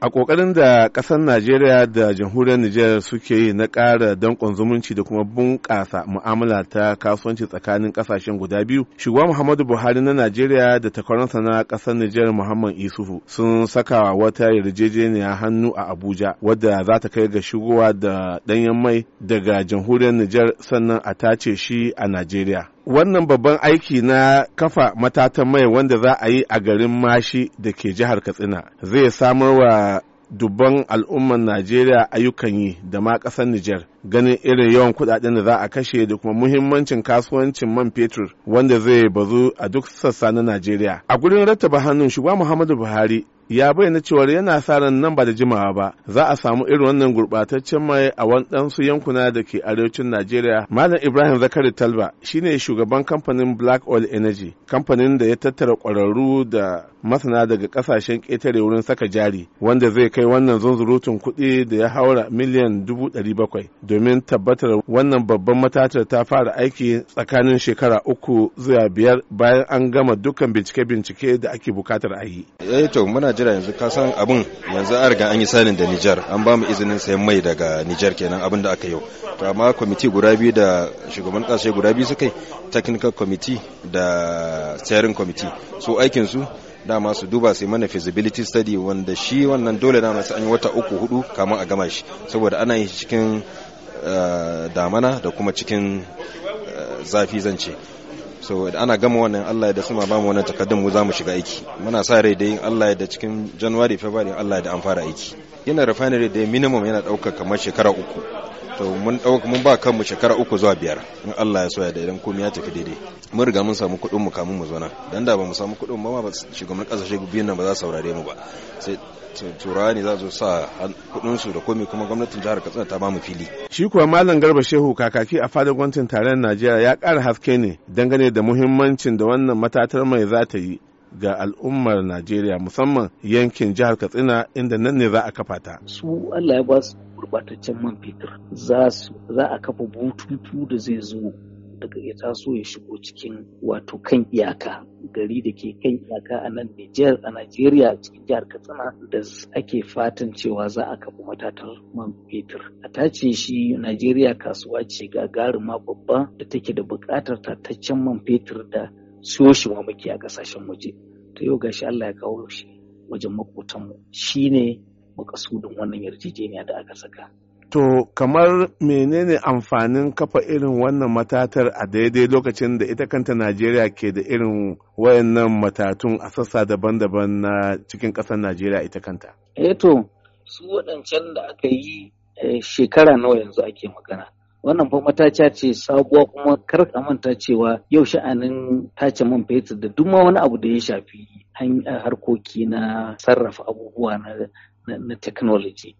a ƙoƙarin da ƙasar najeriya da jamhuriyar nijar suke yi na ƙara dankon zumunci da kuma bunƙasa mu'amala ta kasuwanci tsakanin ƙasashen guda biyu shugaban muhammadu buhari na najeriya da takwaransa na ƙasar nijar muhammad isufu sun saka wata yarjejeniya hannu a abuja wadda za ta kai ga shigowa da ɗanyen mai daga jamhuriyar nijar sannan a tace shi a najeriya wannan babban aiki na kafa matatan mai wanda za a yi a garin mashi da ke jihar katsina zai samar wa dubban al'umman najeriya ayyukan yi da ma ƙasar nijar ganin irin yawan kudaden da za a kashe da kuma muhimmancin kasuwancin man fetur wanda zai bazu a duk sassa na Najeriya. A gurin rattaba hannun shugaba Muhammadu Buhari ya bayyana cewa yana sa ran nan ba da jimawa ba za a samu irin wannan gurbataccen mai a wadansu yankuna da ke arewacin Najeriya. Malam Ibrahim Zakari Talba shine shugaban kamfanin Black Oil Energy, kamfanin da ya tattara kwararru da masana daga kasashen ƙetare wurin saka jari, wanda zai kai wannan zunzurutun kuɗi da ya haura miliyan dubu ɗari bakwai. domin tabbatar wannan babban matatar ta fara aiki tsakanin shekara uku zuwa biyar bayan an gama dukkan bincike-bincike da ake bukatar a yi. Eh to muna jira yanzu ka san abin yanzu an riga an yi sanin da Nijar an bamu izinin sayan mai daga Nijar kenan abin da aka yau. To amma kwamiti guda biyu da shugaban kasashe guda biyu suka yi technical committee da steering committee so aikin su dama su duba sai mana feasibility study wanda shi wannan dole na masu an yi wata uku hudu kamar a gama shi saboda ana yin cikin Eh, damana da kuma cikin eh, zafi zance so ana gama wannan Allah da suma bamu mu wannan takaddun mu za mu shiga aiki muna sa rai da yin Allah da cikin January February Allah da an fara aiki yana refinery da minimum yana ɗaukar kamar shekara uku to mun ɗauka mun ba kanmu shekara uku zuwa biyar in Allah ya so ya idan komai ya tafi daidai mun riga mun samu kuɗin mu kamun mu zo nan dan da ba mu samu kuɗin ba ma shugaban ƙasashe biyun nan ba za su saurare mu ba sai turawa ne za su sa kuɗin su da komai kuma gwamnatin jihar Katsina ta ba mu fili shi kuwa malam Garba Shehu kakaki a fadar gwamnatin tarayyar Najeriya ya ƙara haske ne dangane da muhimmancin da wannan matatar mai za ta yi ga al'ummar Najeriya musamman yankin jihar Katsina inda nan ne za a kafa ta. Su Allah ya ba su gurbataccen man fetur za a kafa bututu da zai zo daga ya taso ya shigo cikin wato kan iyaka gari da ke kan iyaka a nan Nijar a Najeriya cikin jihar Katsina da ake fatan cewa za a kafa matatar man fetur. A tace shi Najeriya kasuwa ce gagaruma babba da take da buƙatar tataccen man fetur da siyo shi ma muke a kasashen waje to yau gashi Allah ya kawo shi wajen mu shine makasudin wannan yarjejeniya da aka saka To kamar menene amfanin kafa irin wannan matatar a daidai lokacin da ita kanta Najeriya ke da irin wayannan matatun a sassa daban-daban na cikin ƙasar Najeriya ita kanta? Eh to, su waɗancan da aka yi eh, shekara nawa yanzu ake magana. wannan fa ta ce sabuwa kuma kar ka manta cewa yau sha'anin tace man fetur da duk wani abu da ya shafi harkoki na sarrafa abubuwa na technology